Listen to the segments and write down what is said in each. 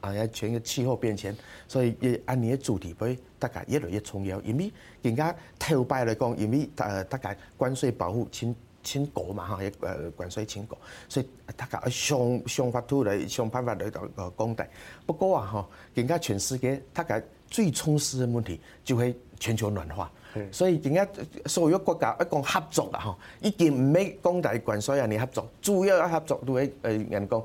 啊！一全嘅氣候變遷，所以一今年嘅主題，佢大家越來越重要，因為更加坦白來講，因為誒大家關稅保護簽簽國嘛嚇，呃關稅簽國，所以大家想想法出來想辦法嚟呃降低。不過啊嚇，更加全世界大家最重視嘅問題就係全球暖化，所以更加所，所有國家一講合作啊嚇，已經唔係降低關稅人哋合作，主要，要合作都喺呃人講。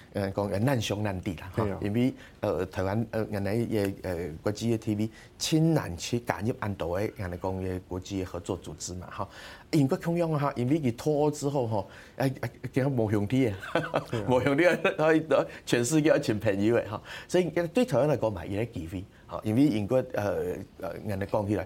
誒講難兄難弟啦，嚇、啊，因為呃台灣呃原來嘅誒國際的 TV，千難去加入安度嘅，人哋講嘅國際合作組織嘛，嚇，英國恐嚇嚇，因為伊脫歐之後，嚇，誒誒，驚無兄弟，無兄弟，全世界一羣朋友誒，嚇，所以對台灣來講嘛，伊有一機會，嚇，因為英國呃呃人哋講起來。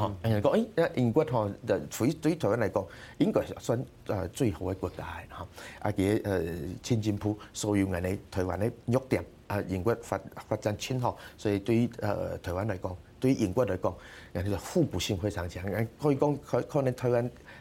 嚇！人哋講，英國嗬，對於台灣嚟講，英國算誒最好嘅國家嘅嚇。啊，佢誒，千金鋪，所有人你台灣啲弱點啊，英國發發展強項。所以對於誒台灣嚟講，對於英國嚟講，人哋嘅互補性非常強。可以講，可可能台灣。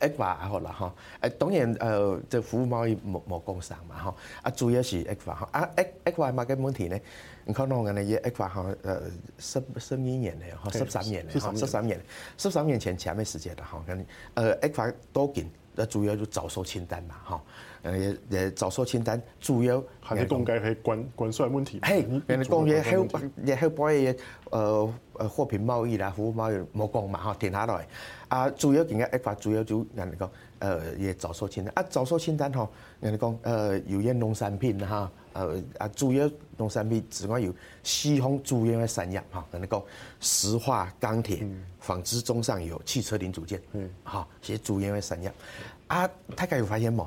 X 化啊好啦哈，誒當然誒即服務貿易冇冇工商嘛哈，啊主要係 X 化哈，啊 X X 化嘛嘅問題。咧，你看下我啱啱嘅 X 化，誒十十一年咧，十三年咧，十三年，十三年前三年前未時間的嚇，咁誒 X 化多緊，主要就早收清單嘛哈。誒誒，早收清單主要係啲貿易係關關稅問題，誒，仲有，仲有，仲有，呃呃貨品貿易啦，服務貿易冇降嘛嚇，停下來。啊，主要點解誒發？主要就人哋講呃誒早收清單。啊，早收清單嚇，人哋講，呃有啲農產品嚇，呃啊，主要農產品主要有西方主要嘅產業嚇，人哋講，石化、鋼、嗯、鐵、紡織、中上游、汽車零組件，嚇、嗯、係、哦、主要嘅產業，啊，大家有發現冇？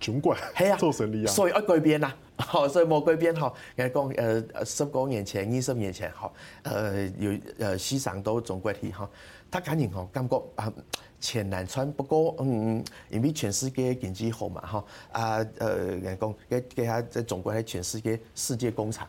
中國嘿啊，做生意啊，所，所以唔改變啊，嚇，所以冇改變嚇。我講呃，十幾年前、二十年前嚇，呃，有呃，西藏到中國去嚇，他肯定嚇感覺，啊錢難賺，不過嗯，因為全世界經濟好嘛嚇，啊誒，我講誒，佢他在中國，係全世界世界工廠。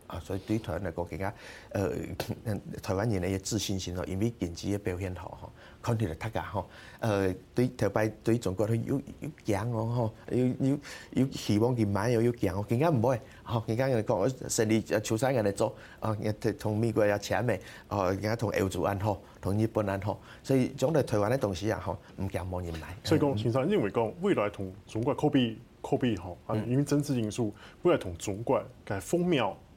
啊，所以對台灣來講更加呃，台灣人咧嘅自信心咯，因為近期的表現好，肯定來突噶，好。呃，對台灣對中國咧有有驚我，嗬有有有希望佢買又要驚我，更加唔會，嗬更加講講實在，潮汕人嚟做啊，同美國有錢咪，啊人家同歐洲安好，同日本安好。所以總之台灣的東西人、啊、好，唔驚冇人買。所以講，其實認為講未來同中國可比可比嗬，啊因為政治因素未來同中國嘅風貌。